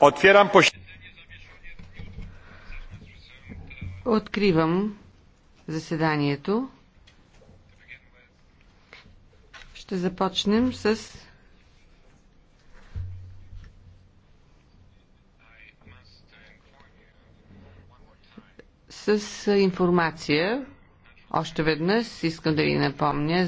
Отвирам Откривам заседанието. Ще започнем с с информация. Още веднъж искам да ви напомня